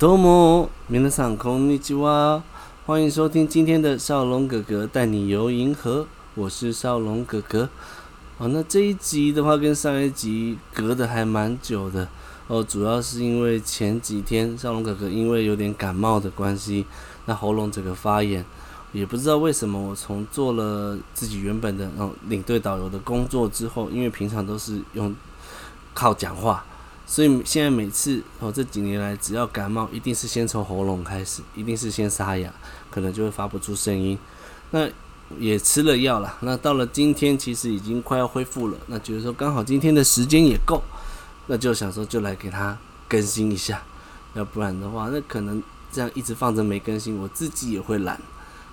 どうも，皆さんこんにちは。歡迎收聽今天的少龍哥哥帶你遊銀河，我是少龍哥哥。哦，那這一集的話跟上一集隔的還蠻久的哦，主要是因為前幾天少龍哥哥因為有點感冒的關係，那喉嚨整個發炎，也不知道為什麼，我從做了自己原本的領隊導遊的工作之後，因為平常都是用靠講話。所以現在每次我、哦、這幾年來只要感冒，一定是先從喉嚨開始，一定是先沙啞，可能就會發不出聲音。那也吃了藥了，那到了今天其實已經快要恢復了。那覺得說剛好今天的時間也夠，那就想說就來給他更新一下，要不然的話那可能這樣一直放着沒更新，我自己也會懶，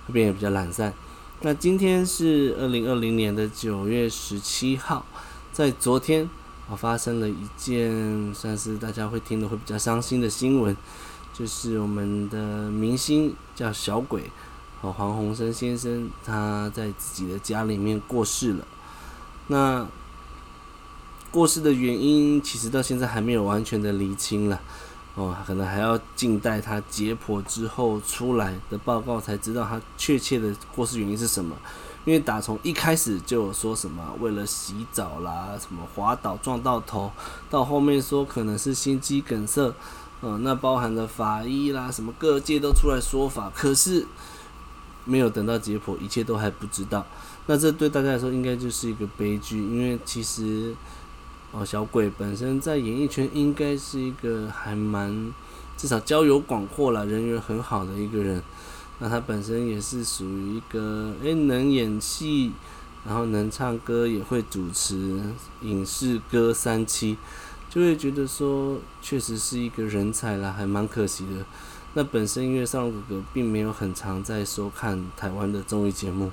這邊也比較懶散。那今天是二零二零年的九月十七號，在昨天。哦，發生了一件算是大家會聽的會比較傷心的新聞，就是我們的明星叫小鬼，哦，黃鴻升先生，他在自己的家裡面過世了。那過世的原因其實到現在還沒有完全的理清了，哦，可能還要靜待他解剖之後出來的報告才知道他確切的過世原因是什麼？因為打從一開始就說什麼為了洗澡啦，什麼滑倒撞到頭，到後面說可能是心肌梗塞，嗯、呃，那包含了法醫啦，什麼各界都出來說法，可是沒有等到解剖，一切都還不知道。那這對大家來說應該就是一個悲劇，因為其實哦，小鬼本身在演藝圈應該是一個還蠻至少交友廣闊啦，人緣很好的一個人。那他本身也是屬於一個，哎，能演戲，然後能唱歌，也會主持，影視歌三棲，就會覺得說確實是一個人才啦，還蠻可惜的。那本身因為上哥哥並沒有很常在收看台灣的綜藝節目，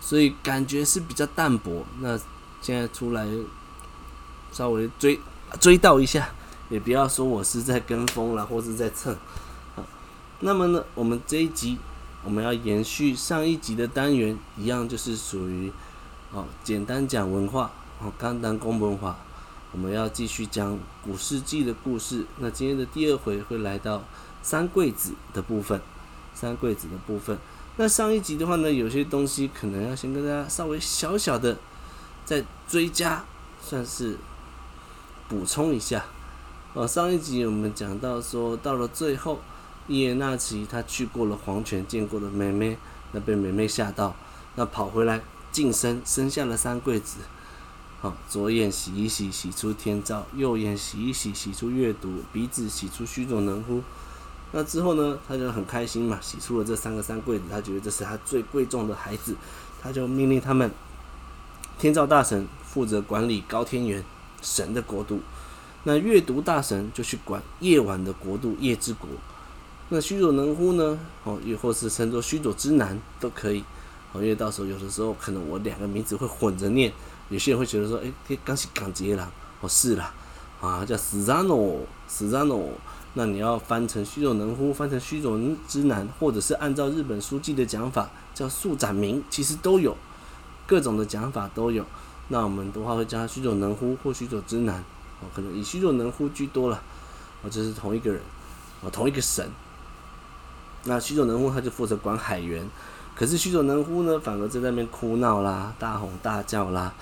所以感覺是比較淡薄。那現在出來稍微追追悼一下，也不要說我是在跟風啦，或是在蹭。好，那麼呢，我們這一集。我們要延續上一集的單元一樣，就是屬於哦，簡單講文化哦，簡單講文化。我們要繼續講古事記的故事。那今天的第二回會來到三貴子的部分，三貴子的部分。那上一集的話呢，有些東西可能要先跟大家稍微小小的再追加，算是補充一下。哦，上一集我們講到說，到了最後。伊耶那奇，他去過了黃泉，見過了美妹，妹，那被美妹嚇到，那跑回來晉升，生下了三貴子。好，左眼洗一洗，洗出天照；右眼洗一洗，洗出月讀；鼻子洗出須佐能乎。那之後呢，他就很開心嘛，洗出了這三個三貴子，他覺得這是他最貴重的孩子，他就命令他們：天照大神負責管理高天原神的國度，那月讀大神就去管夜晚的國度夜之國。那須佐能乎呢？哦，又或是稱作須佐之男都可以，哦，因為到時候有的時候可能我兩個名字會混着念，有些人會覺得說，哎、欸，這剛是剛傑了，哦是了，啊叫死戰羅死戰羅。那你要翻成須佐能乎，翻成須佐之男，或者是按照日本書紀的講法叫素戔嗚，其實都有，各種的講法都有。那我們的話會叫他須佐能乎或須佐之男，哦，可能以須佐能乎居多了，哦，這、就是同一個人，哦，同一個神。那須佐能乎他就負責管海員，可是須佐能乎呢，反而在那邊哭鬧啦、大吼大叫啦，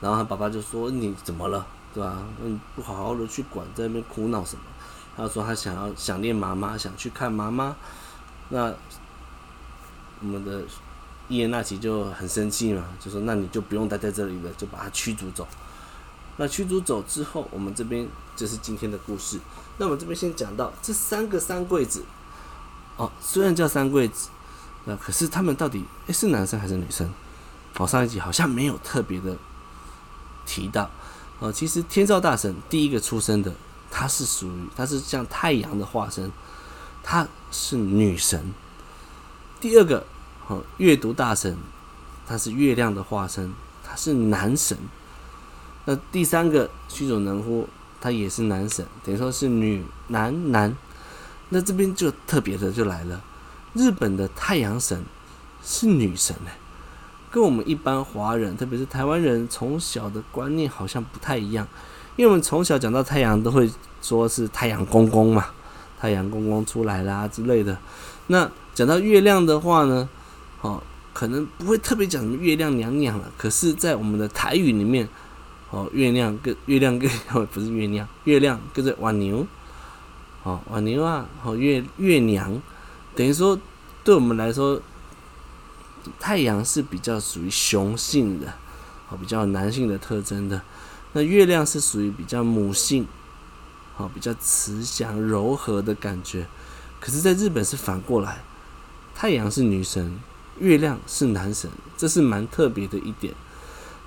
然後他爸爸就說：“你怎麼了？對吧、啊？你不好好的去管，在那邊哭鬧什麼？”他說他想要想念媽媽，想去看媽媽。那我們的伊邪那岐就很生氣嘛，就說：“那你就不用待在這裡了，就把他驅逐走。”那驅逐走之後，我們這邊就是今天的故事。那我們這邊先講到這三個三貴子。哦，雖然叫三貴子，那、呃、可是他們到底、欸、是男生還是女生？哦，上一集好像沒有特別的提到。哦，其實天照大神第一個出生的，他是屬於他是像太陽的化身，他是女神。第二個哦，月讀大神，他是月亮的化身，他是男神。那第三個須佐能乎，他也是男神，等於說是女男男。男那這邊就特別的就來了，日本的太陽神是女神哎、欸，跟我們一般華人，特別是台灣人，從小的觀念好像不太一樣，因為我們從小講到太陽都會說是太陽公公嘛，太陽公公出來啦、啊、之類的。那講到月亮的話呢，哦，可能不會特別講什麼月亮娘娘了。可是，在我們的台語裡面，哦，月亮跟月亮跟哦不是月亮，月亮跟着晚牛。瓦尼哇，好月月娘，等於說，對我們來說，太陽是比較屬於雄性的，哦，比較男性的特徵的。那月亮是屬於比較母性，哦，比較慈祥柔和的感覺。可是，在日本是反過來，太陽是女神，月亮是男神，這是蠻特別的一點。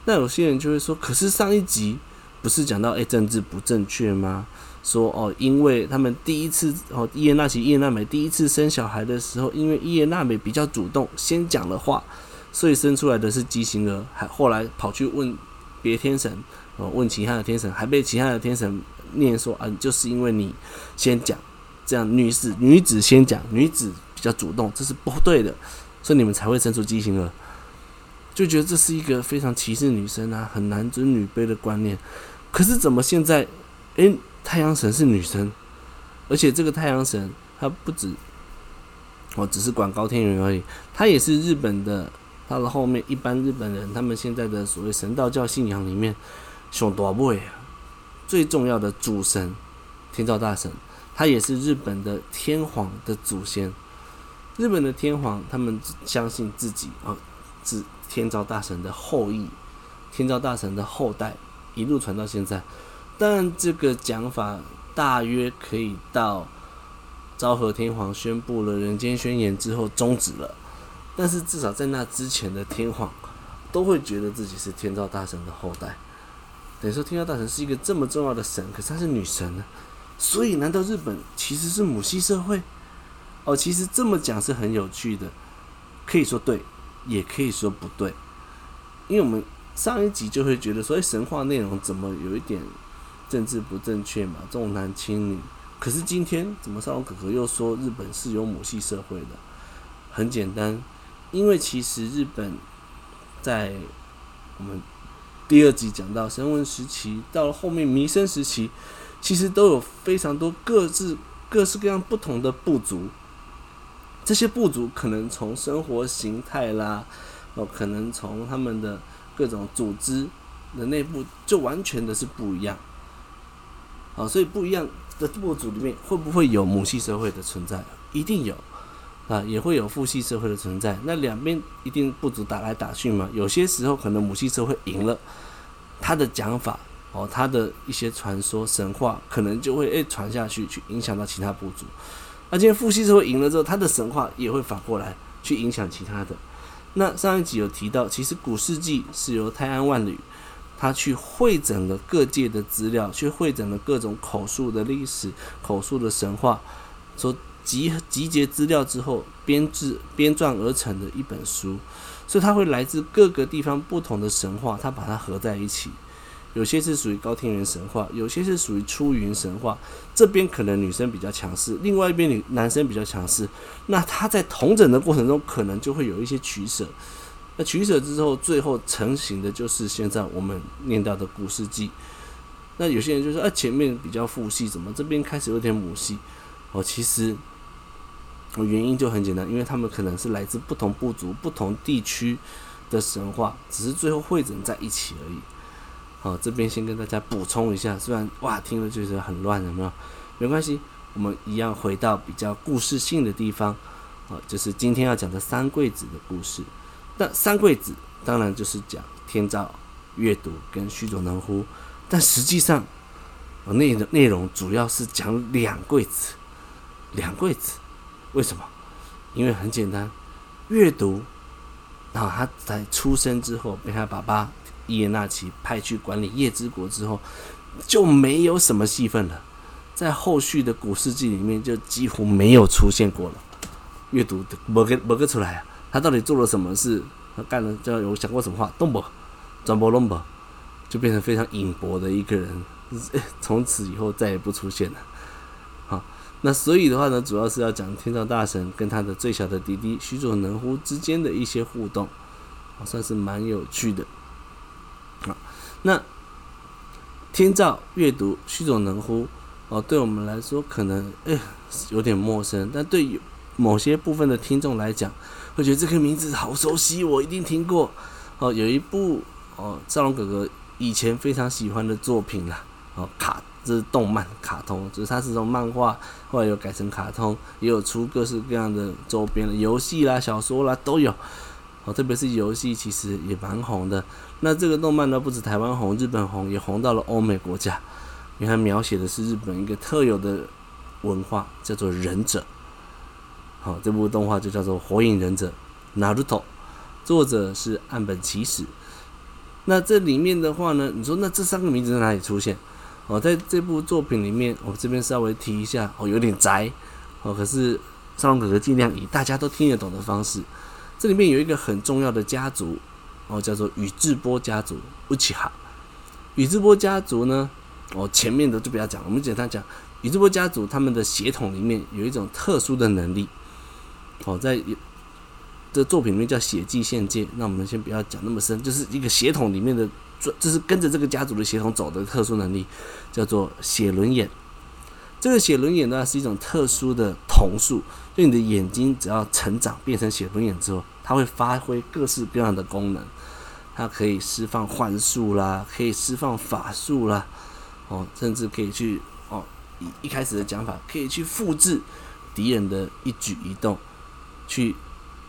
那有些人就會說，可是上一集不是講到，誒，欸，政治不正確嗎？說哦，因為他們第一次哦，伊耶納奇伊耶納美第一次生小孩的時候，因為伊耶納美比較主動先講了話，所以生出來的是畸形兒。還後來跑去問別天神哦，問其他的天神，還被其他的天神念說嗯、啊，就是因為你先講，這樣女子女子先講，女子比較主動，這是不對的，所以你們才會生出畸形兒。就覺得這是一個非常歧視女生啊，很男尊女卑的觀念。可是怎麼現在、欸太陽神是女神，而且這個太陽神，它不止，我只是管高天原而已。她也是日本的，他的後面一般日本人，他們現在的所謂神道教信仰裡面，上多伯也，最重要的主神天照大神，他也是日本的天皇的祖先。日本的天皇，他們只相信自己啊、哦、是天照大神的後裔，天照大神的後代一路傳到現在。但這個講法大約可以到昭和天皇宣布了人間宣言之後終止了，但是至少在那之前的天皇都會覺得自己是天照大神的後代。等於說天照大神是一個這麼重要的神，可是他是女神呢、啊，所以難道日本其實是母系社會？哦，其實這麼講是很有趣的，可以說對，也可以說不對，因為我們上一集就會覺得說，所以神話內容怎麼有一點政治不正確嘛，重男輕女。可是今天怎麼少龍葛格又說日本是有母系社會的？很簡單，因為其實日本在我們第二集講到繩文時期，到了後面彌生時期，其實都有非常多各式各式各樣不同的部族。這些部族可能從生活形態啦，哦，可能從他們的各種組織的內部，就完全的是不一樣。啊、哦，所以不一樣的部族裡面會不會有母系社會的存在？一定有啊，也會有父系社會的存在。那兩邊一定不足，打來打去嘛。有些時候可能母系社會贏了，他的講法哦，他的一些傳說神話可能就會誒傳、欸、下去，去影響到其他部族。而、啊、且父系社會贏了之後，他的神話也會反過來去影響其他的。那上一集有提到，其實古事記是由太安萬侶。他去彙整了各界的資料，去彙整了各種口述的歷史、口述的神話，所集集結資料之後，編製編撰而成的一本書。所以，它會來自各個地方不同的神話，它把它合在一起。有些是屬於高天原神話，有些是屬於出雲神話。這邊可能女生比較強勢，另外一邊女男生比較強勢，那他在統整的過程中，可能就會有一些取捨。那取捨之後，最後成型的就是現在我們念到的《古事記》。那有些人就說：“啊，前面比較父系，怎麼這邊開始有點母系？”哦，其實，原因就很簡單，因為他們可能是來自不同部族、不同地區的神話，只是最後彙整在一起而已。好、哦，這邊先跟大家補充一下，雖然哇，聽了就是很亂，有沒有？沒關係，我們一樣回到比較故事性的地方。哦，就是今天要講的三貴子的故事。那三貴子當然就是講天照、月讀跟須佐能乎，但實際上，內內容主要是講兩貴子。兩貴子，為什麼？因為很簡單，月讀，然、啊、後他在出生之後被他爸爸伊邪那岐派去管理夜之國之後，就沒有什麼戲份了，在後續的古事記裡面就幾乎沒有出現過了。月讀，某個某個出來啊？他到底做了什麼事？他幹了就有想過什麼話？動不？轉不？弄不？就變成非常隱薄的一個人。從此以後再也不出現了。好、啊，那所以的話呢，主要是要講天照大神跟他的最小的弟弟須佐能乎之間的一些互動，啊、算是蠻有趣的。啊、那天照月讀須佐能乎哦、啊，對我們來說可能、哎、有點陌生，但對於某些部分的聽眾來講。我覺得這個名字好熟悉，我一定聽過。哦，有一部哦，少龍哥哥以前非常喜歡的作品啦。哦，卡，這是動漫卡通，就是它是從漫畫，後來又改成卡通，也有出各式各樣的周邊，遊戲啦、小說啦都有。哦，特別是遊戲其實也蠻紅的。那這個動漫呢，不止台灣紅，日本紅，也紅到了歐美國家，因為它描寫的是日本一個特有的文化，叫做忍者。好，這部動畫就叫做《火影忍者》，Naruto，Naruto，作者是岸本齊史。那這裡面的話呢，你說那這三個名字在哪裡出現？哦，在這部作品裡面，我、哦、這邊稍微提一下，哦，有點宅，哦，可是少龍葛格盡量以大家都聽得懂的方式。這裡面有一個很重要的家族，哦，叫做宇智波家族 Uchiha。宇智波家族呢，哦，前面的就不要講，我們簡單講，宇智波家族他們的血統裡面有一種特殊的能力。哦，在這作品裡面叫血繼限界，那我們先不要講那麼深，就是一個血統裡面的，就是跟着這個家族的血統走的特殊能力，叫做血輪眼。這個血輪眼呢，是一種特殊的瞳術，就你的眼睛只要成長變成血輪眼之後，它會發揮各式各樣的功能。它可以釋放幻術啦，可以釋放法術啦，哦，甚至可以去哦一,一開始的講法，可以去複製敵人的一舉一動。去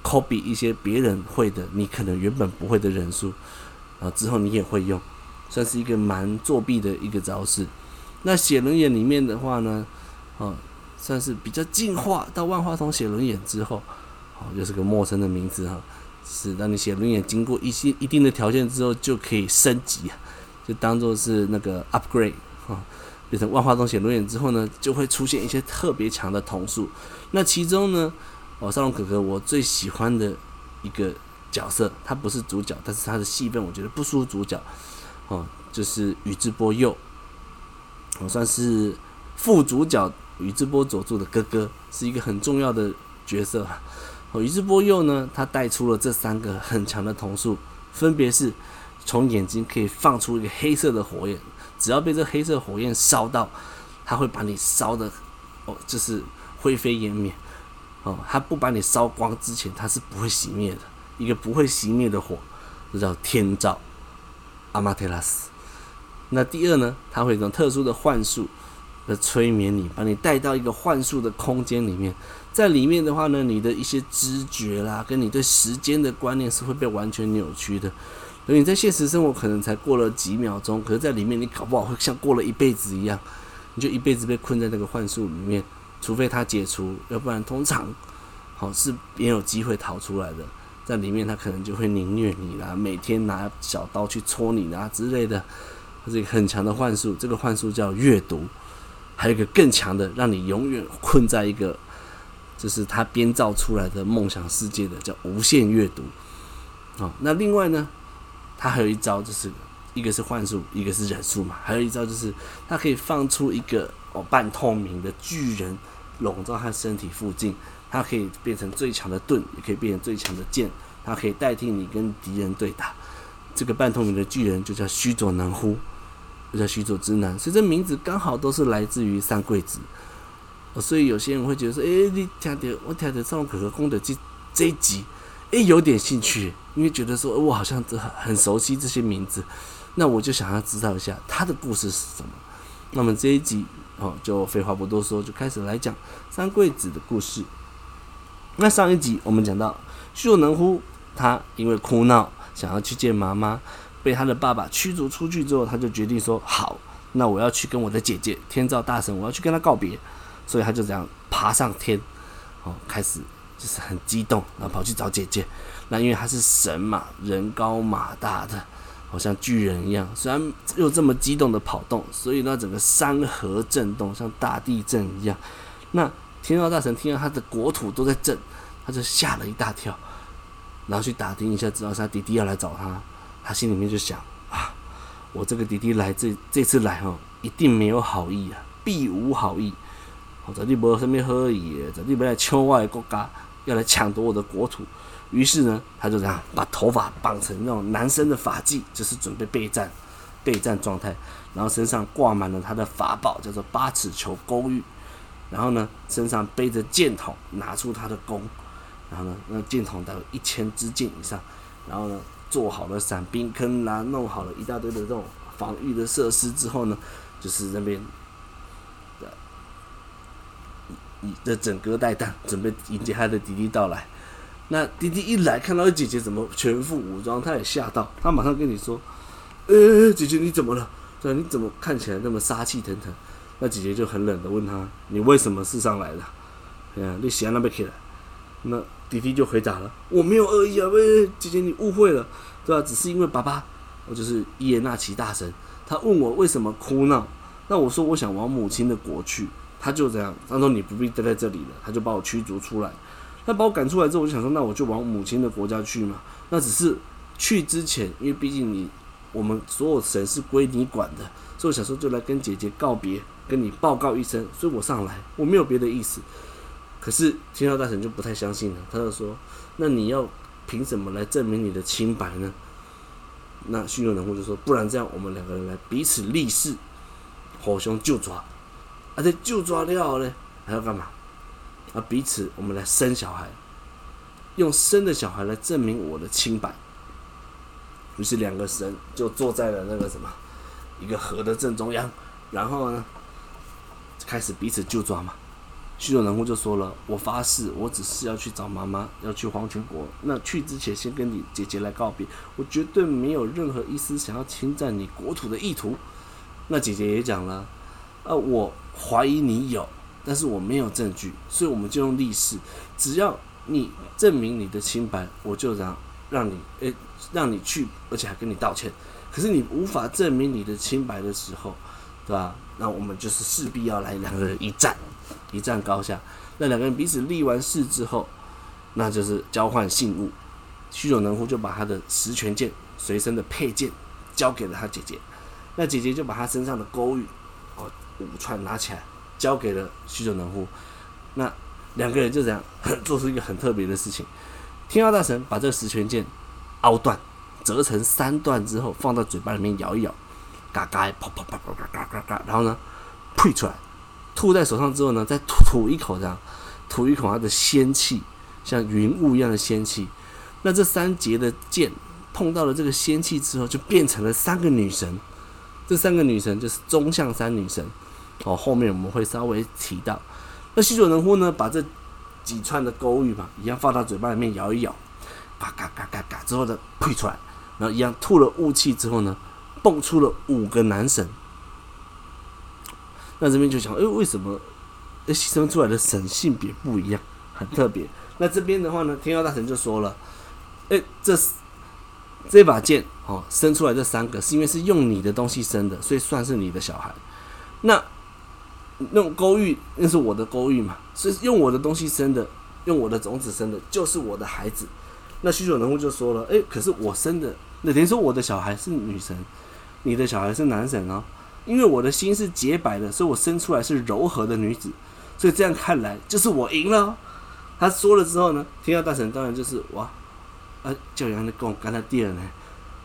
copy 一些別人會的你可能原本不會的忍術。啊，之後你也會用，算是一個蠻作弊的一個招式。那寫輪眼裡面的話呢，啊，算是比較進化到萬花筒寫輪眼之後，好、啊，又、就是個陌生的名字哈、啊，是當你寫輪眼經過一些一定的條件之後就可以升級，就當做是那個 upgrade 啊，變成萬花筒寫輪眼之後呢，就會出現一些特別強的瞳術。那其中呢？哦，少龍哥哥，我最喜歡的一個角色，他不是主角，但是他的戲份我覺得不輸主角。哦，就是宇智波鼬，我、哦、算是副主角，宇智波佐助的哥哥，是一個很重要的角色。哦，宇智波鼬呢，他帶出了這三個很強的瞳術，分別是從眼睛可以放出一個黑色的火焰，只要被這黑色火焰燒到，他會把你燒得哦，就是灰飛煙滅。哦，他不把你燒光之前，他是不會熄滅的。一個不會熄滅的火，這叫天照阿瑪特拉斯。那第二呢，它會有一種特殊的幻術來、就是、催眠你，把你帶到一個幻術的空間裡面。在裡面的話呢，你的一些知覺啦，跟你對時間的觀念是會被完全扭曲的。所以你在現實生活可能才過了幾秒鐘，可是在裡面你搞不好會像過了一輩子一樣，你就一輩子被困在那個幻術裡面。除非他解除，要不然通常好、哦、是沒有機會逃出來的。在裡面他可能就會凌虐你啦、啊，每天拿小刀去戳你啊之類的。這是一個很強的幻術，這個幻術叫月讀。還有一個更強的，讓你永遠困在一個，就是他編造出來的夢想世界的叫無限月讀。啊、哦，那另外呢，他還有一招，就是一個是幻術，一個是忍術嘛，還有一招就是他可以放出一個哦半透明的巨人。籠罩他身體附近，他可以變成最強的盾，也可以變成最強的劍，他可以代替你跟敵人對打。這個半透明的巨人就叫須佐能乎，就叫須佐之男，所以這名字剛好都是來自於三貴子、哦。所以有些人會覺得說：“哎、欸，你跳的我跳的這種可格功德這這一集，哎、欸，有點興趣，因為覺得說我好像很很熟悉這些名字，那我就想要知道一下他的故事是什麼。”那麼這一集。哦，就廢話不多說，就開始來講三貴子的故事。那上一集我們講到須佐能乎，他因為哭鬧想要去見媽媽，被他的爸爸驅逐出去之後，他就決定說：“好，那我要去跟我的姐姐天照大神，我要去跟他告別。”所以他就這樣爬上天，哦，開始就是很激動，然後跑去找姐姐。那因為他是神嘛，人高馬大的。好像巨人一樣，雖然又這麼激動的跑動，所以呢，整個山河震動，像大地震一樣。那天照大神聽到他的國土都在震，他就嚇了一大跳，然後去打聽一下，知道他弟弟要來找他，他心裡面就想：啊，我這個弟弟來這這次來哦，一定沒有好意啊，必無好意。好意我在身邊喝了一夜，在你本來境外國家要來搶奪我的國土。於是呢，他就這樣把頭髮綁成那種男生的髮髻，就是準備備戰，備戰狀態。然後身上掛滿了他的法寶，叫做八尺瓊勾玉。然後呢，身上背着箭筒，拿出他的弓。然後呢，那箭筒大概有一千支箭以上。然後呢，做好了散兵坑啦，弄好了一大堆的這種防禦的設施之後呢，就是那邊的，以以這整戈待旦，準備迎接他的弟弟到來。那弟弟一來看到姐姐怎麼全副武裝，他也嚇到，他馬上跟你說：“呃、欸，姐姐你怎麼了？對，你怎麼看起來那麼殺氣騰騰？”那姐姐就很冷的問他：“你為什麼事上來了？嗯，你誰那麼起來。那弟弟就回答了：“我沒有惡意啊，喂、欸，姐姐你誤會了，對吧？只是因為爸爸，我就是伊邪那岐大神，他問我為什麼哭鬧，那我說我想往母親的國去，他就這樣，他說你不必待在這裡了，他就把我驅逐出來。”他把我趕出來之後，我就想說，那我就往母親的國家去嘛。那只是去之前，因為畢竟你我們所有神是歸你管的，所以我想說就來跟姐姐告別，跟你報告一聲。所以我上來我沒有別的意思。可是天照大神就不太相信了，他就說：“那你要憑什麼來證明你的清白呢？”那須佐能乎就說：“不然這樣，我們兩個人來彼此立誓，互相就抓。而、啊、且就抓了後呢，還要幹嘛？”而彼此，我們來生小孩，用生的小孩來證明我的清白。於是，兩個神就坐在了那個什麼，一個河的正中央，然後呢，開始彼此就抓嘛。須佐能乎就說了：“我發誓，我只是要去找媽媽，要去黃泉國。那去之前，先跟你姐姐來告別。我絕對沒有任何一絲想要侵占你國土的意圖。”那姐姐也講了：“啊，我懷疑你有。”但是我沒有證據，所以我們就用立誓。只要你證明你的清白，我就讓讓你，哎、欸，讓你去，而且還跟你道歉。可是你無法證明你的清白的時候，對吧、啊？那我們就是勢必要來兩個人一戰，一戰高下。那兩個人彼此立完誓之後，那就是交換信物。須佐能乎就把他的十拳劍隨身的佩劍交給了他姐姐，那姐姐就把他身上的勾玉哦五串拿起來。交給了須佐能乎，那兩個人就這樣做出一個很特別的事情。天照大神把這個十拳劍凹斷、折成三段之後，放到嘴巴裡面搖一搖，嘎嘎啪啪啪啪嘎嘎嘎，然後呢，呸出來，吐在手上之後呢，再吐吐一口，這樣吐一口它的仙氣，像雲霧一樣的仙氣。那這三節的劍碰到了這個仙氣之後，就變成了三個女神。這三個女神就是宗像三女神。哦，後面我們會稍微提到。那須佐能乎呢，把這幾串的勾玉嘛，一樣放到嘴巴裡面搖一搖，嘎嘎嘎嘎嘎之後呢，吐出來，然後一樣吐了霧氣之後呢，蹦出了五個男神。那這邊就想，哎、欸，為什麼誒，生、欸、出來的神性別不一樣，很特別。那這邊的話呢，天照大神就說了，哎、欸，這是這把劍哦，生出來這三個是因為是用你的東西生的，所以算是你的小孩。那那種勾玉，那是我的勾玉嘛，所以用我的東西生的，用我的種子生的，就是我的孩子。那須佐能乎就說了，誒、欸，可是我生的，那等於說我的小孩是女神，你的小孩是男神哦，因為我的心是潔白的，所以我生出來是柔和的女子，所以這樣看來就是我贏了、哦。他說了之後呢，天照大神當然就是哇，啊，叫的跟我干到第二呢，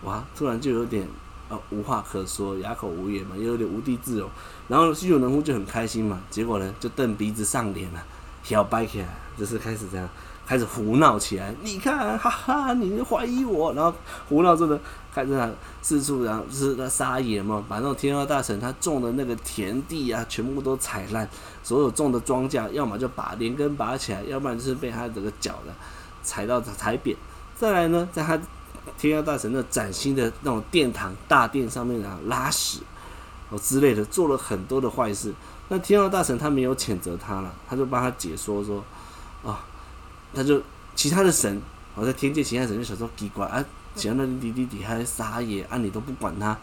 哇，突然就有點啊、呃、無話可說，啞口無言嘛，又有點無地自容。然後須佐能乎就很開心嘛，結果呢就瞪鼻子上臉了，小白開就是開始這樣，開始胡鬧起來。你看，哈哈，你就懷疑我，然後胡鬧呢，着的開始四處，然後就是在撒野嘛，把那種天照大神他種的那個田地啊，全部都踩爛，所有種的莊稼，要麼就把連根拔起來，要不然就是被他這個腳的踩到踩扁。再來呢，在他天照大神那嶄新的那種殿堂大殿上面啊拉屎。哦，之類的，做了很多的壞事。那天照大神他沒有譴責他了，他就幫他解說說，啊、哦，他就其他的神，我、哦、在天界其他神就想說奇怪啊，喜歡那弟弟弟還撒野啊，你都不管他。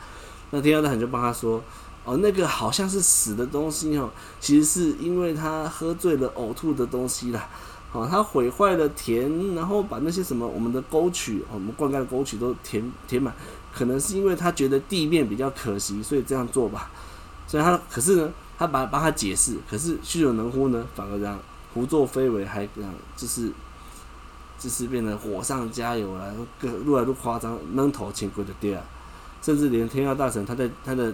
那天照大神就幫他說，哦，那個好像是死的東西哦，其實是因為他喝醉了嘔吐的東西啦。哦，他毀壞了田，然後把那些什麼我們的溝渠、哦、我們灌溉的溝渠都填填滿。可能是因為他覺得地面比較可惜，所以這樣做吧。所以他，可是呢，他把幫他解釋，可是須佐能乎呢，反而這樣胡作非為，還這樣就是就是變得火上加油路路了，更越來越誇張，扔頭錢龜的掉，甚至連天照大神他在他的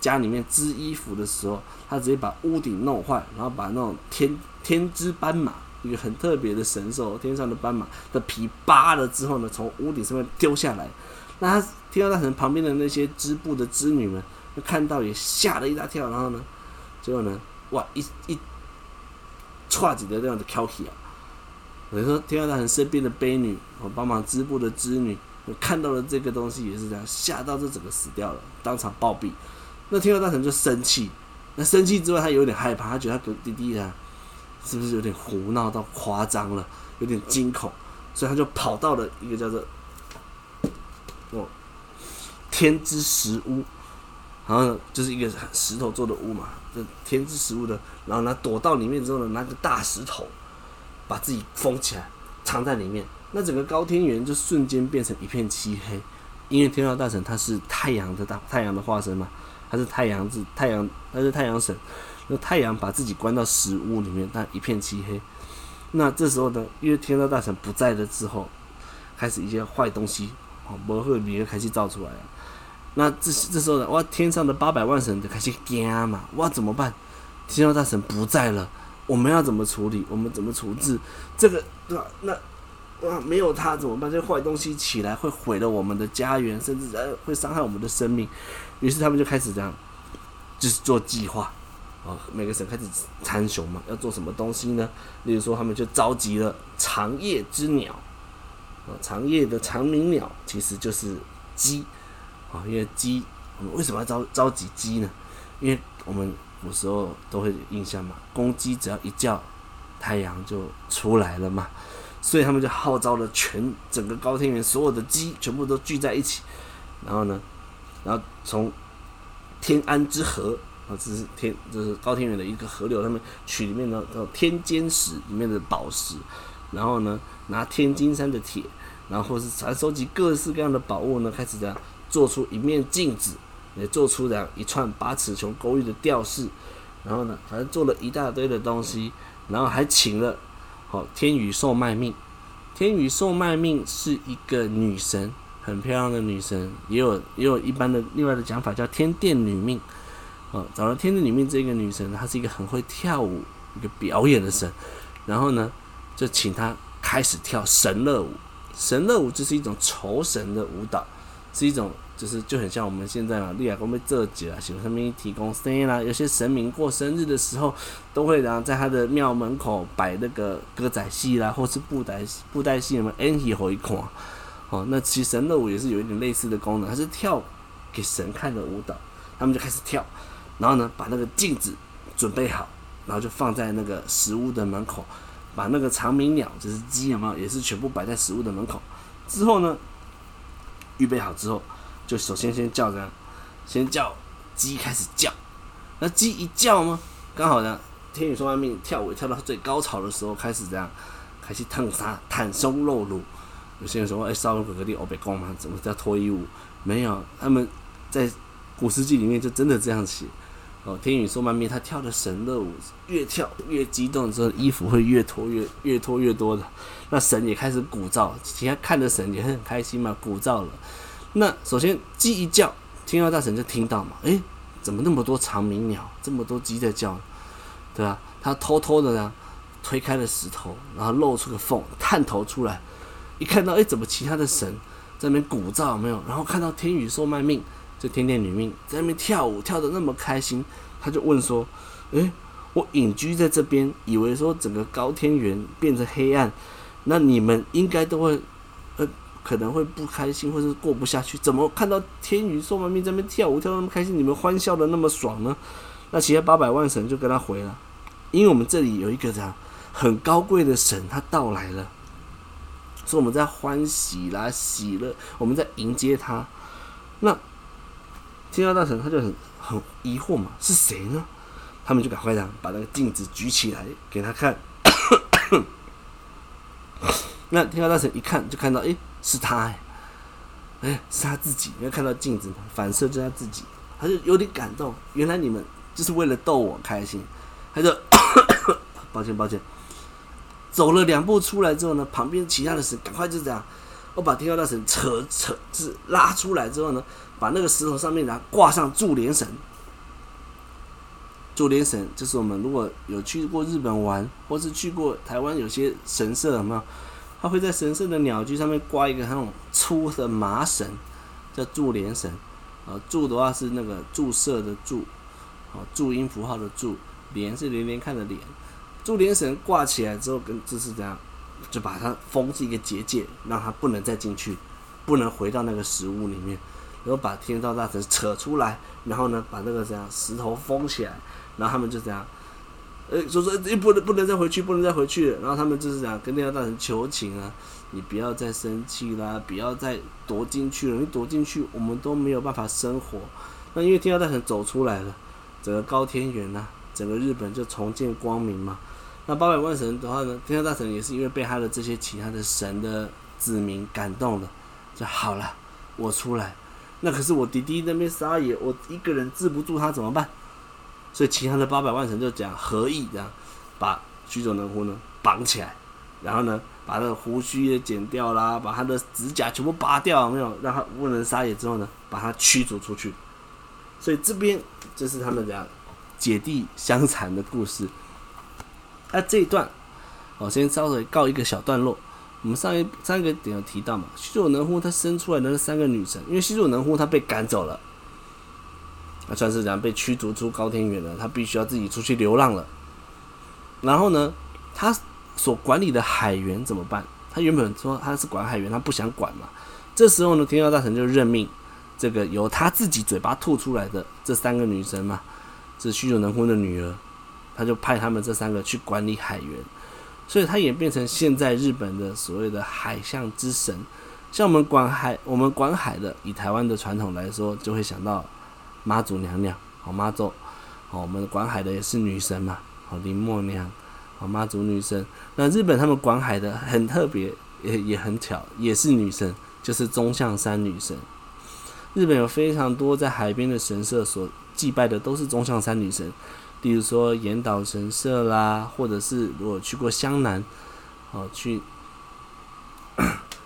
家裡面織衣服的時候，他直接把屋頂弄壞，然後把那種天天之斑馬一個很特別的神獸，天上的斑馬的皮扒了之後呢，從屋頂上面丟下來。那他天照大神旁邊的那些織布的織女們，看到也嚇了一大跳，然後呢，結果呢，哇一一唰幾的那樣的跳起啊！等於說天照大神身邊的婢女，我幫忙織布的織女，我看到了這個東西也是這樣嚇到，就整個死掉了，當場暴斃。那天照大神就生氣，那生氣之外，他有點害怕，他覺得他弟弟啊，是不是有點胡鬧到誇張了，有點驚恐，所以他就跑到了一個叫做。哦，天之石屋，然後呢就是一個石頭做的屋嘛，這天之石屋的。然後呢躲到裡面之後呢，拿個大石頭把自己封起來，藏在裡面。那整個高天原就瞬間變成一片漆黑，因為天照大神他是太陽的大太陽的化身嘛，他是太陽，是太陽，他是太陽神，那太陽把自己關到石屋裡面，那一片漆黑。那這時候呢，因為天照大神不在了之後，開始一些壞東西，魔和米格開始造出來了、啊，那這這時候呢，哇，天上的八百萬神就開始驚嘛，哇，怎麼辦？天照大神不在了，我們要怎麼處理？我們怎麼處置這個、啊、那那哇沒有他怎麼辦？這壞東西起來會毀了我們的家園，甚至然、呃、會傷害我們的生命。於是他們就開始這樣，就是做計劃啊，每個神開始參雄嘛，要做什麼東西呢？例如說，他們就召集了長夜之鳥。長夜的長鳴鳥其實就是雞，啊，因為雞，我們為什麼要召召集雞呢？因為我們古時候都會印象嘛，公雞只要一叫，太陽就出來了嘛，所以他們就號召了全整個高天原所有的雞全部都聚在一起，然後呢，然後從天安之河，啊，這是天，這、就是高天原的一個河流，他們取裡面的叫天間石裡面的寶石，然後呢。拿天金山的鐵，然後是還收集各式各樣的寶物呢，開始這樣做出一面鏡子，也做出這樣一串八尺瓊勾玉的吊飾，然後呢，反正做了一大堆的東西，然後還請了好、哦、天宇受賣命，天宇受賣命是一個女神，很漂亮的女神，也有也有一般的另外的講法叫天鈿女命，哦，找到天鈿女命這個女神，她是一個很會跳舞、一個表演的神，然後呢，就請她。開始跳神樂舞，神樂舞就是一種酬神的舞蹈，是一種就是就很像我們現在啊，立亞公被這集啊，喜歡他們提供神啦。有些神明過生日的時候，都會然後在他的廟門口擺那個歌仔戲啦，或是布袋布袋戲什麼，哎，好一看，哦，那其實神樂舞也是有一點類似的功能，它是跳給神看的舞蹈。他們就開始跳，然後呢，把那個鏡子準備好，然後就放在那個食物的門口。把那個長鳴鳥，就是雞，有沒有？也是全部擺在食物的門口。之後呢，預備好之後，就首先先叫這樣，先叫雞開始叫。那雞一叫嗎，剛好呢，天宇受賣命跳舞跳到最高潮的時候，開始這樣，開始探紗袒胸露乳。有些人說：“哎、欸，少龍葛格地歐北講嘛怎麼叫脫衣舞？”沒有，他們在古事記裡面就真的這樣寫。哦，天宇受賣命，他跳的神樂舞，越跳越激動，之後衣服會越脫越越脫越多的。那神也開始鼓噪，其他看的神也很開心嘛，鼓噪了。那首先雞一叫，天照大神就聽到嘛，誒、欸，怎麼那麼多長鳴鳥，這麼多雞在叫？對啊，他偷偷的呢，推開了石頭，然後露出個縫，探頭出來，一看到，誒、欸，怎麼其他的神在那邊鼓噪，有沒有？然後看到天宇受賣命。這天天女命在那邊跳舞，跳得那麼開心，他就問說：“誒、欸，我隱居在這邊，以為說整個高天原變成黑暗，那你們應該都會，呃，可能會不開心，或是過不下去。怎麼看到天宇受賣命在那邊跳舞，跳得那麼開心，你們歡笑得那麼爽呢？那其他八百萬神就跟他回了，因為我們這裡有一個這樣很高貴的神，他到來了，所以我們在歡喜啦，喜樂，我們在迎接他。那。天照大神他就很很疑惑嘛，是誰呢？他們就趕快這樣把那個鏡子舉起來給他看。 那天照大神一看就看到，誒、欸，是他哎、欸欸，是他自己，因為看到鏡子反射着他自己，他就有點感動。原來你們就是為了逗我開心。他就， 抱歉抱歉，走了兩步出來之後呢，旁邊其他的神趕快就這樣，我把天照大神扯扯，就是拉出來之後呢。把那個石頭上面呢掛上注連繩，注連繩就是我們如果有去過日本玩，或是去過台灣有些神社什麼，它會在神社的鳥居上面掛一個那種粗的麻繩，叫注連繩。啊，注的話是那個注射的注，啊，注音符號的注，連是連連看的連。注連繩掛起來之後，跟就是這樣，就把它封是一個結界，讓它不能再進去，不能回到那個食物裡面。然後把天照大神扯出來，然後呢，把那個這樣石頭封起來，然後他們就這樣，呃、欸，所以說、欸、不能不能再回去，不能再回去然後他們就是想跟天照大神求情啊，你不要再生氣啦，不要再躲進去了，你躲進去我們都沒有辦法生活。那因為天照大神走出來了，整個高天原呢、啊，整個日本就重見光明嘛。那八百萬神的話呢，天照大神也是因為被他的這些其他的神的子民感動了，就好了，我出來。那可是我弟弟那邊撒野，我一個人治不住他怎麼辦？所以其他的八百萬神就講合議，這樣，把須佐能乎呢綁起來，然後呢，把他的鬍鬚也剪掉啦，把他的指甲全部拔掉，沒有讓他不能撒野之後呢，把他驅逐出去。所以這邊就是他們倆姐弟相殘的故事。那、啊、這一段，我先稍微告一個小段落。我們上一上一個點有提到嘛，須佐能乎他生出來的那三個女神，因為須佐能乎他被趕走了，啊，算是講被驅逐出高天原了，他必須要自己出去流浪了。然後呢，他所管理的海員怎麼辦？他原本說他是管海員，他不想管嘛。這時候呢，天照大神就任命這個由他自己嘴巴吐出來的這三個女神嘛，這須佐能乎的女兒，他就派他們這三個去管理海員。所以它演變成現在日本的所謂的海象之神，像我們管海，我們管海的，以台灣的傳統來說，就會想到媽祖娘娘，哦媽祖，哦我們管海的也是女神嘛，哦林默娘，哦媽祖女神。那日本他們管海的很特別，也也很巧，也是女神，就是宗像三女神。日本有非常多在海邊的神社所祭拜的都是宗像三女神。比如說嚴島神社啦，或者是如果去過湘南，哦，去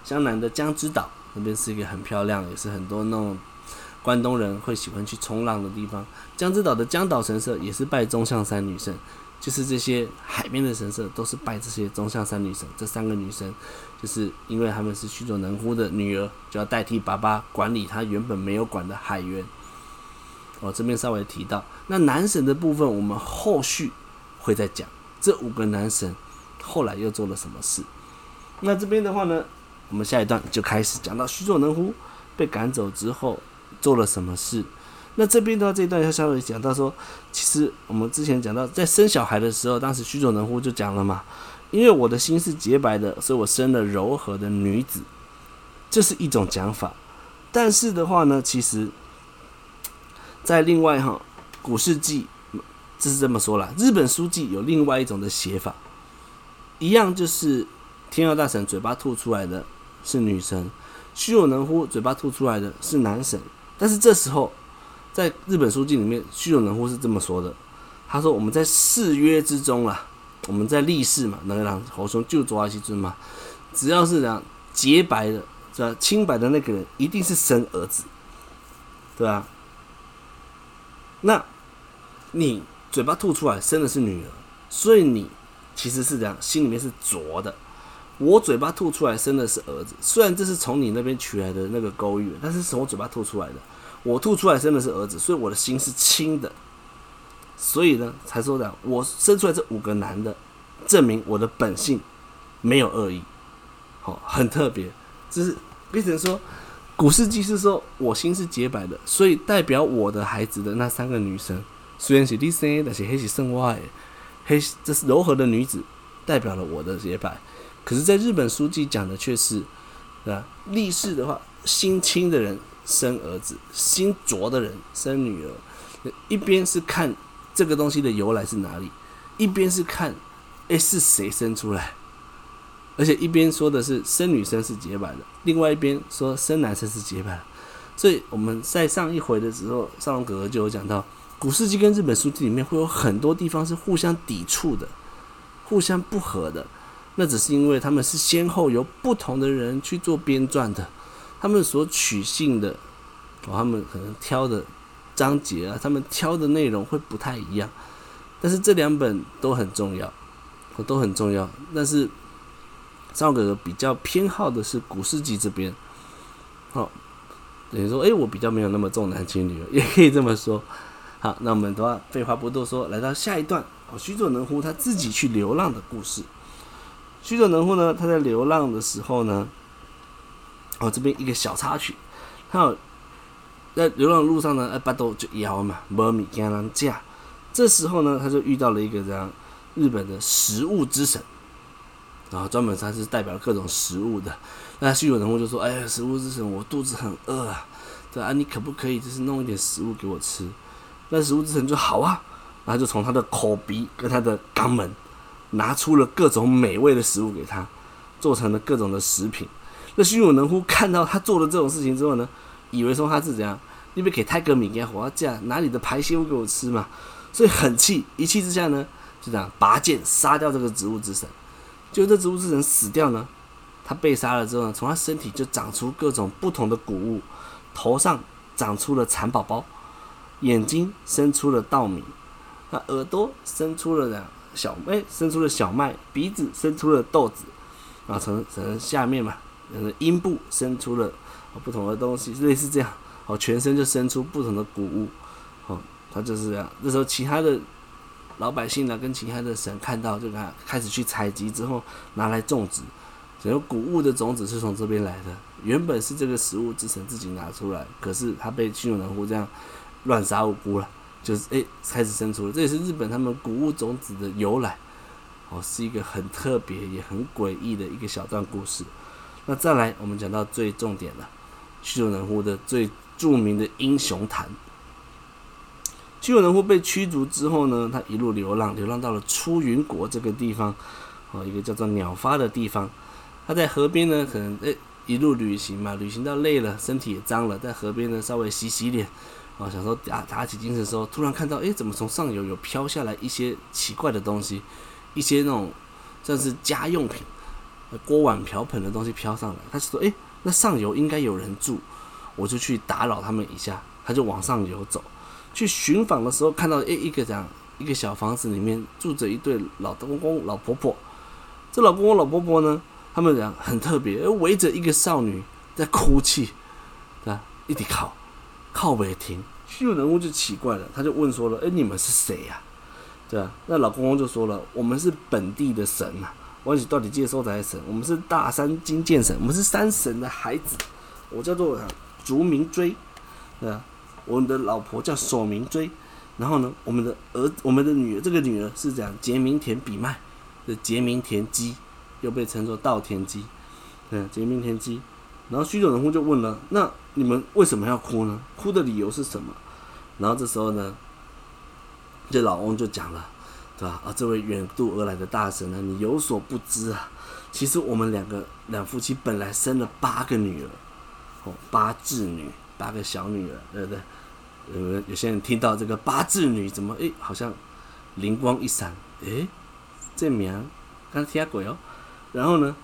湘 南的江之島那邊是一個很漂亮，也是很多那種關東人會喜歡去衝浪的地方。江之島的江島神社也是拜宗像三女神，就是這些海邊的神社都是拜這些宗像三女神。這三個女神就是因為她們是須佐能乎的女兒，就要代替爸爸管理他原本沒有管的海員。我、哦、這邊稍微提到，那男神的部分，我們後續會再講這五個男神後來又做了什麼事。那這邊的話呢，我們下一段就開始講到須佐能乎被趕走之後做了什麼事。那這邊的話，這一段要稍微講到說，其實我們之前講到，在生小孩的時候，當時須佐能乎就講了嘛，因為我的心是潔白的，所以我生了柔和的女子，這是一種講法。但是的話呢，其實。在另外哈，古事記，這是這麼說啦。日本書紀有另外一種的寫法，一樣就是天照大神嘴巴吐出來的是女神，須佐能乎嘴巴吐出來的是男神。但是這時候在日本書紀裡面，須佐能乎是這麼說的：他說我們在誓約之中啦，我們在立誓嘛，能讓猴雄救走阿西尊嘛，只要是講潔白的清白的那個人一定是生兒子，對吧、啊？那，你嘴巴吐出來生的是女兒，所以你其實是這樣，心裡面是濁的。我嘴巴吐出來生的是兒子，雖然這是從你那邊取來的那個勾玉，但是從我嘴巴吐出來的，我吐出來生的是兒子，所以我的心是清的。所以呢，才說的，我生出來這五個男的，證明我的本性沒有惡意。好、哦，很特別，就是變成說。古事記是說，我心是潔白的，所以代表我的孩子的那三個女生，雖然寫 DNA，但寫黑寫聖 Y，黑這是柔和的女子，代表了我的潔白。可是，在日本書紀講的卻是，啊，立誓的話，心清的人生兒子，心濁的人生女兒。一邊是看這個東西的由來是哪裡，一邊是看誒是誰生出來，而且一邊說的是生女生是潔白的。另外一邊說深藍色是潔白，所以我們在上一回的時候，少龍葛格就有講到，古事記跟日本書紀裡面會有很多地方是互相抵觸的，互相不合的，那只是因為他們是先後由不同的人去做編撰的，他們所取信的，哦，他們可能挑的章節啊，他們挑的內容會不太一樣，但是這兩本都很重要，哦，都很重要，但是。少龍葛格比較偏好的是古事記這邊，好、哦，等於說，哎，我比較沒有那麼重男輕女，也可以這麼說。好，那我們的話，廢話不多說，來到下一段，哦，須佐能乎他自己去流浪的故事。須佐能乎呢，他在流浪的時候呢，哦，這邊一個小插曲，好，在流浪的路上呢，阿巴多就搖嘛，沒米給人家。這時候呢，他就遇到了一個這樣日本的食物之神。然後專門他是代表各種食物的，那須佐能乎就說：“哎，食物之神，我肚子很餓啊，對啊，你可不可以就是弄一點食物給我吃？”那食物之神就好啊。”然後就從他的口鼻跟他的肛門拿出了各種美味的食物給他，做成了各種的食品。那須佐能乎看到他做了這種事情之後呢，以為說他是怎樣，你別給泰格米給啊這架，拿你的排泄物給我吃嘛，所以很氣，一氣之下呢，就這樣拔劍殺掉這個食物之神。就這食物之神死掉呢，他被殺了之後呢，從他身體就長出各種不同的穀物，頭上長出了蠶寶寶，眼睛生出了稻米，那耳朵生出了呢小麥、欸，生出了小麥，鼻子生出了豆子，啊，從從下面嘛，陰部生出了、哦、不同的東西，類似這樣，哦，全身就生出不同的穀物，哦，他就是這樣，那時候其他的。老百姓呢，跟其他的神看到，就他開始去採集之後，拿來種植。只有穀物的種子是從這邊來的，原本是這個食物之神自己拿出來，可是他被須佐能乎這樣亂殺無辜了，就是哎、欸、開始生出了，這也是日本他們穀物種子的由來。哦，是一個很特別也很詭異的一個小段故事。那再來，我們講到最重點了，須佐能乎的最著名的英雄譚。須佐能乎被驅逐之後呢，他一路流浪，流浪到了出雲國這個地方，哦，一個叫做鳥髮的地方。他在河邊呢，可能哎一路旅行嘛，旅行到累了，身體也髒了，在河邊呢稍微洗洗臉，哦，想說打打起精神的時候，突然看到哎，怎麼從上游有飄下來一些奇怪的東西，一些那種像是家用品、鍋碗瓢盆的東西飄上來。他就說哎，那上游應該有人住，我就去打擾他們一下，他就往上游走。去尋訪的時候，看到誒，一個這樣一個小房子，裡面住着一對老公公、老婆婆。這老公公、老婆婆呢，他們倆很特別，圍着一個少女在哭泣，對一起靠靠北亭，這有人物就奇怪了。他就問說了：“誒，你們是誰呀？”對啊，那老公公就說了：“我們是本地的神吶、啊。我到底接收還是神？我們是大山津見神，我們是山神的孩子。我叫做足名椎，對吧？”我們的老婆叫手名椎，然後呢，我們的兒、我們的女兒，這個女兒是講杰明田比麥的、就是、杰明田姬，又被稱作稻田姬，嗯，杰明田姬。然後須佐能乎就問了，那你們為什麼要哭呢？哭的理由是什麼？然後這時候呢，這老翁就講了，對吧？啊，這位遠渡而來的大神呢，你有所不知啊，其實我們兩個兩夫妻本來生了八個女兒，哦，八稚女，八個小女兒，對不對？有有，有些人聽到這個八稚女怎麼哎、欸，好像靈光一閃，哎、欸，這名剛聽下鬼哦，然後呢，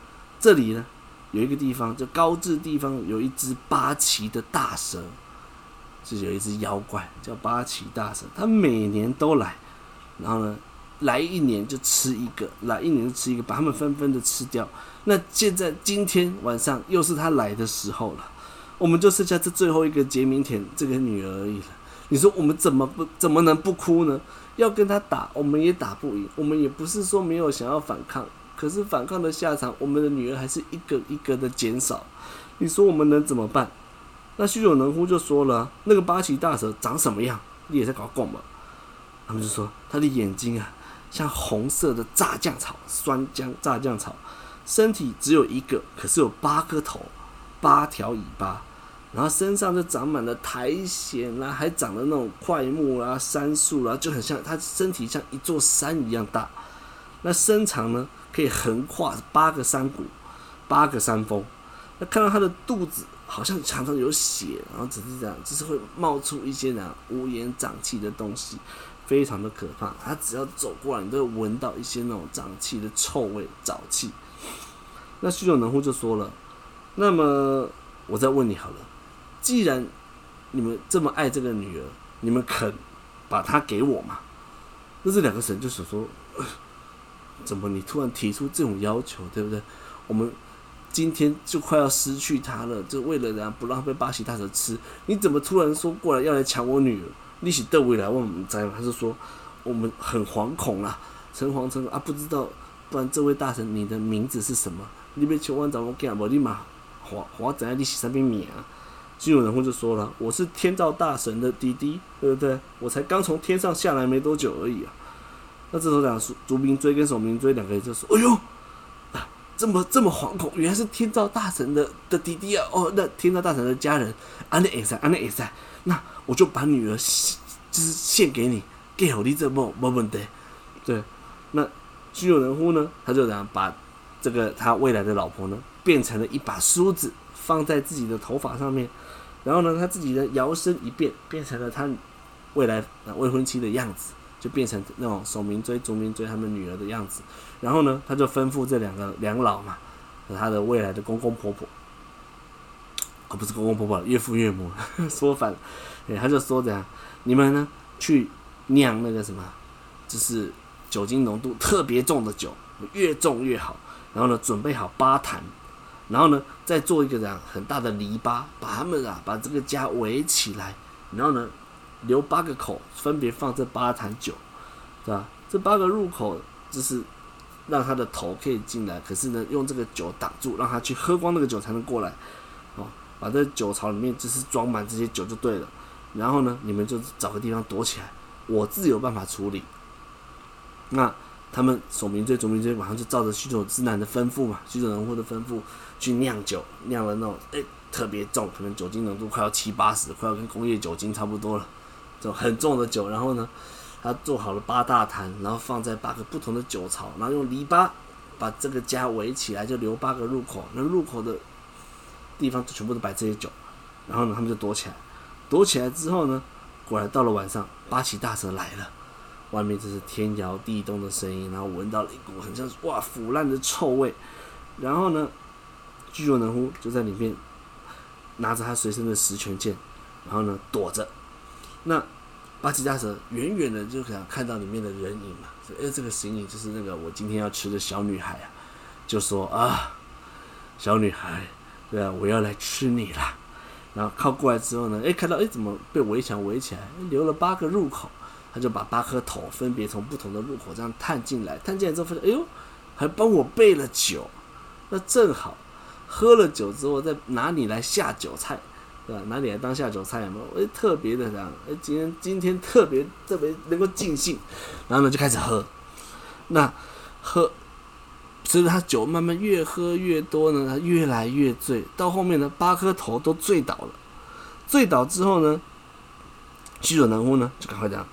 這裡呢有一個地方就高志地方，有一隻八岐的大蛇，就有一隻妖怪叫八岐大蛇，它每年都來，然後呢來一年就吃一個，來一年就吃一個，把他們紛紛的吃掉。那現在今天晚上又是它來的時候了。我們就剩下這最後一個杰明田這個女兒而已了。你說我們怎麼不怎麼能不哭呢？要跟他打，我們也打不贏。我們也不是說沒有想要反抗，可是反抗的下場，我們的女兒還是一個一個的減少。你說我們能怎麼辦？那須佐能乎就說了，那個八岐大蛇長什麼樣？你也在搞拱嘛。他們就說他的眼睛啊，像紅色的炸醬草，酸漿，炸醬草，身體只有一個，可是有八個頭，八條尾巴。然後身上就長滿了苔蘚啦、啊，還長了那種檜木啦、啊、杉樹啦、啊，就很像他身體像一座山一樣大。那身長呢，可以橫跨八個山谷、八個山峰。那看到他的肚子好像常常有血，然後只是這樣，就是會冒出一些呢烏煙瘴氣的東西，非常的可怕。他只要走過來，你都會聞到一些那種瘴氣的臭味、沼氣。 那須佐能乎就說了，那麼我再問你好了。既然你們這麼愛這個女兒，你們肯把她給我嗎？那這兩個神就想說、呃，怎麼你突然提出這種要求，對不對？我們今天就快要失去她了，就為了人不讓她被八岐大蛇吃，你怎麼突然說過來要來搶我女兒？你是得位來問我們災嗎？還是說我們很惶恐啊，誠惶誠恐啊，不知道，不然這位大神你的名字是什麼？你別求我找我見，我立馬華華仔利息上面名啊。金主人乎就說了：“我是天照大神的弟弟，對不對？我才剛從天上下來沒多久而已啊。”那這時候講族民追跟守明追兩個人就說：“哎呦，啊、這麼這麼惶恐，原來是天照大神的的弟弟啊！哦，那天照大神的家人，安利也在，安利也在。那我就把女兒就是獻給你，get hold o moment，對。那金友人乎呢？他就講把這個他未來的老婆呢，變成了一把梳子，放在自己的頭髮上面。”然後呢，他自己呢搖身一變，變成了他未來未婚妻的樣子，就變成那種手名椎、足名椎他們女兒的樣子。然後呢，他就吩咐這兩個兩老嘛，和他的未來的公公婆婆，哦不是公公婆婆，岳父岳母呵呵，說反了，欸，他就說這樣，你們呢去釀那個什麼，就是酒精濃度特別重的酒，越重越好。然後呢，準備好八罈。然後呢，再做一個這樣很大的籬笆，把他們啊，把這個家圍起來。然後呢，留八個口，分別放這八壇酒，是吧？這八個入口就是讓他的頭可以進來，可是呢，用這個酒擋住，讓他去喝光那個酒才能過來。哦，把這酒槽裡面就是裝滿這些酒就對了。然後呢，你們就找個地方躲起來，我自有辦法處理。那。他們守民醉，守明醉，晚上就照着須佐之男的吩咐嘛，須佐能乎的吩咐去釀酒，釀了那種哎、欸、特別重，可能酒精濃度快要七八十，快要跟工業酒精差不多了，這種很重的酒。然後呢，他做好了八大壇，然後放在八個不同的酒槽，然後用籬笆把這個家圍起來，就留八個入口。那入口的地方全部都擺這些酒，然後呢，他們就躲起來。躲起來之後呢，果然到了晚上，八岐大蛇來了。外面就是天搖地動的聲音，然後聞到了一股很像是哇腐爛的臭味，然後呢，須佐能乎就在裡面拿着他隨身的十拳劍，然後呢躲着，那八岐大蛇遠遠的就想看到裡面的人影嘛，哎這個形影就是那個我今天要吃的小女孩啊，就說啊小女孩對啊，我要來吃你了，然後靠過來之後呢，哎看到，哎怎麼被圍牆圍起來，留了八個入口。他就把八顆頭分別從不同的入口這樣探進來，探進來之後發現，哎呦，還幫我備了酒，那正好，喝了酒之後再拿你來下酒菜，對吧？拿你來當下酒菜嘛，我就特別的想，樣，今天今天特別特別能夠盡興，然後呢就開始喝，那喝，所以他酒慢慢越喝越多呢，他越來越醉，到後面呢八顆頭都醉倒了，醉倒之後呢，須佐能乎呢，就趕快這樣。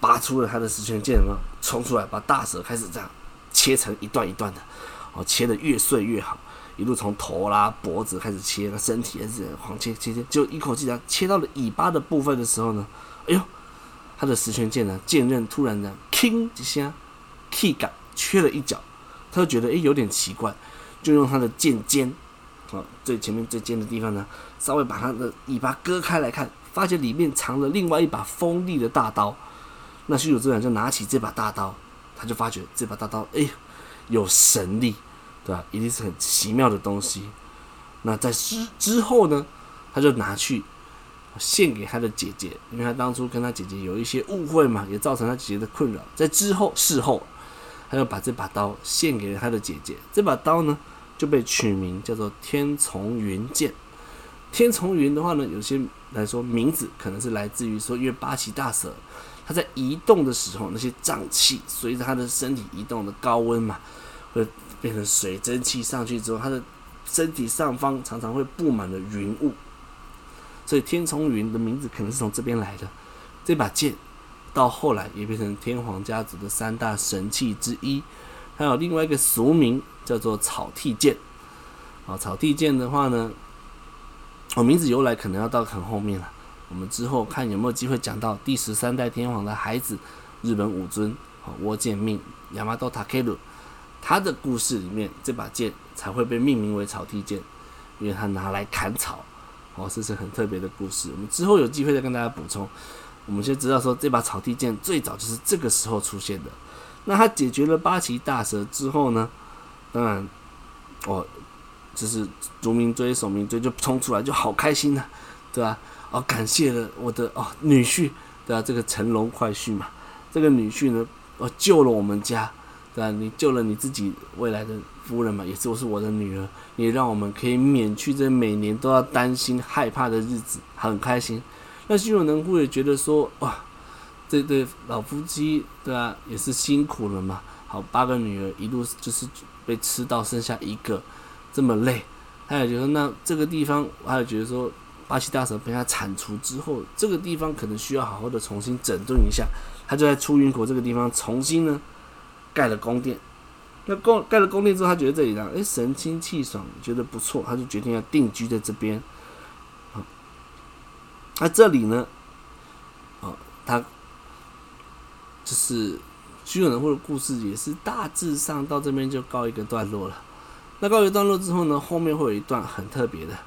拔出了他的十拳劍，然後衝出來，把大蛇開始這樣切成一段一段的，哦，切得越碎越好，一路從頭啦、脖子開始切，身體也是狂切切切，就一口氣這樣切到了尾巴的部分的時候呢，哎呦，他的十拳劍呢，劍刃突然的“鏗”一下，K 感缺了一角，他就覺得哎、欸、有點奇怪，就用他的劍尖，啊、哦，最前面最尖的地方呢，稍微把他的尾巴割開來看，發現裡面藏着另外一把鋒利的大刀。那須佐之男就拿起這把大刀，他就發覺這把大刀，哎，有神力，對吧、啊？一定是很奇妙的東西。那在之之後呢，他就拿去獻給他的姐姐，因為他當初跟他姐姐有一些誤會嘛，也造成他姐姐的困擾。在之後事後，他就把這把刀獻給了他的姐姐。這把刀呢，就被取名叫做天叢雲劍。天叢雲的話呢，有些來說名字可能是來自於說，因為八岐大蛇。它在移動的時候，那些瘴氣隨着它的身體移動的高溫嘛，會變成水蒸氣上去之後，它的身體上方常常會布滿了雲霧，所以天叢雲的名字可能是從這邊來的。這把劍到後來也變成天皇家族的三大神器之一，還有另外一個俗名叫做草剃劍。啊，草剃劍的話呢，我名字由來可能要到很後面了。我們之後看有沒有機會講到第十三代天皇的孩子，日本武尊哦，倭建命，亞瑪多塔克魯，他的故事裡面這把劍才會被命名為草薙劍，因為他拿來砍草哦，這是很特別的故事。我們之後有機會再跟大家補充。我們先知道說這把草薙劍最早就是這個時候出現的。那他解決了八岐大蛇之後呢？當然哦，就是足名椎、手名椎，就衝出來就好開心了、啊，對吧、啊？哦，感謝了我的哦女婿，對吧、啊？這個乘龍快婿嘛，這個女婿呢，哦救了我們家，對吧、啊？你救了你自己未來的夫人嘛，也就是，是我的女兒，你也讓我們可以免去這每年都要擔心害怕的日子，很開心。那須佐能乎也覺得說，哇、哦，這對，對老夫妻，對吧、啊？也是辛苦了嘛。好，八個女兒一路就是被吃到剩下一個，這麼累，還有覺得那這個地方，還有覺得說。巴西大蛇被他鏟除之後，這個地方可能需要好好的重新整頓一下，他就在出雲國這個地方重新呢蓋了宮殿。那宮蓋了宮殿之後，他覺得這裡呢，哎、欸，神清氣爽，覺得不錯，他就決定要定居在這邊。啊，那、啊、這裡呢，啊，他就是須佐能乎的故事，也是大致上到這邊就告一個段落了。那告一個段落之後呢，後面會有一段很特別的。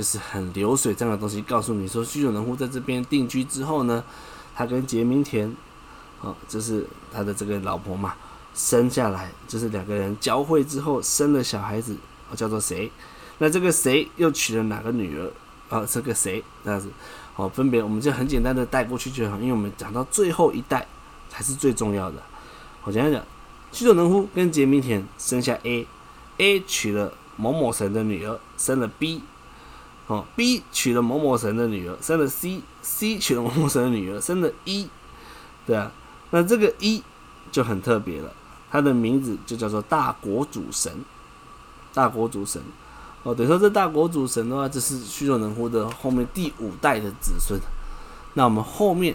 就是很流水這樣的東西，告訴你說，須佐能乎在這邊定居之後呢，他跟杰明田，哦，就是他的這個老婆嘛，生下來就是兩個人交匯之後生了小孩子，哦，叫做誰？那這個誰又娶了哪個女兒？哦，這個誰這樣子？哦，分別我們就很簡單的帶過去就好，因為我們講到最後一代才是最重要的。我、哦、講講，須佐能乎跟杰明田生下 A，A 娶了某某神的女兒，生了 B，哦，B 娶了某某神的女兒，生了 C，C 娶了某某神的女兒，生了 E，對啊，那這個 E 就很特別了，他的名字就叫做大國主神，大國主神。哦，等於說這大國主神的話，這是須佐能乎的後面第五代的子孫。那我們後面，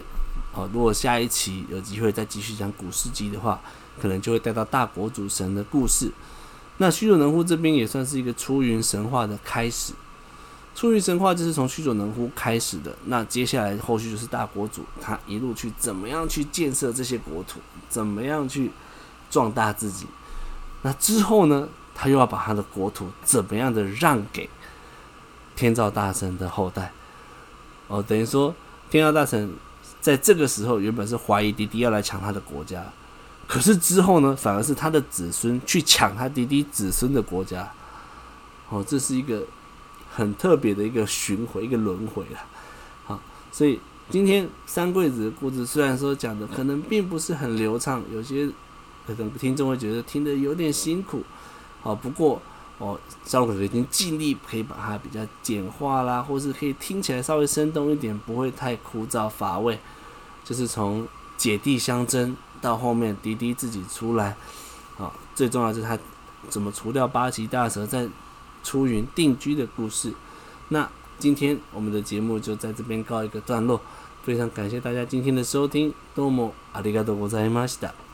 哦，如果下一期有機會再繼續講古事記的話，可能就會帶到大國主神的故事。那須佐能乎這邊也算是一個出雲神話的開始。出雲神話就是從須佐能乎開始的，那接下來後續就是大國主他一路去怎麼樣去建設這些國土，怎麼樣去壯大自己。那之後呢，他又要把他的國土怎麼樣的讓給天照大神的後代？哦，等於說天照大神在這個時候原本是懷疑弟弟要來搶他的國家，可是之後呢，反而是他的子孫去搶他弟弟子孫的國家。哦，這是一個。很特別的一個巡回，一個輪回了。好、啊，所以今天三貴子的故事雖然說講的可能並不是很流暢，有些可能聽眾會覺得聽得有點辛苦。好、啊，不過哦，少龍葛格已經盡力可以把它比較簡化啦，或是可以聽起來稍微生動一點，不會太枯燥乏味。就是從姐弟相爭到後面弟弟自己出來，好、啊，最重要的是他怎麼除掉八岐大蛇在出雲定居的故事。那今天我們的節目就在這邊告一個段落，非常感謝大家今天的收聽。どうもありがとうございました。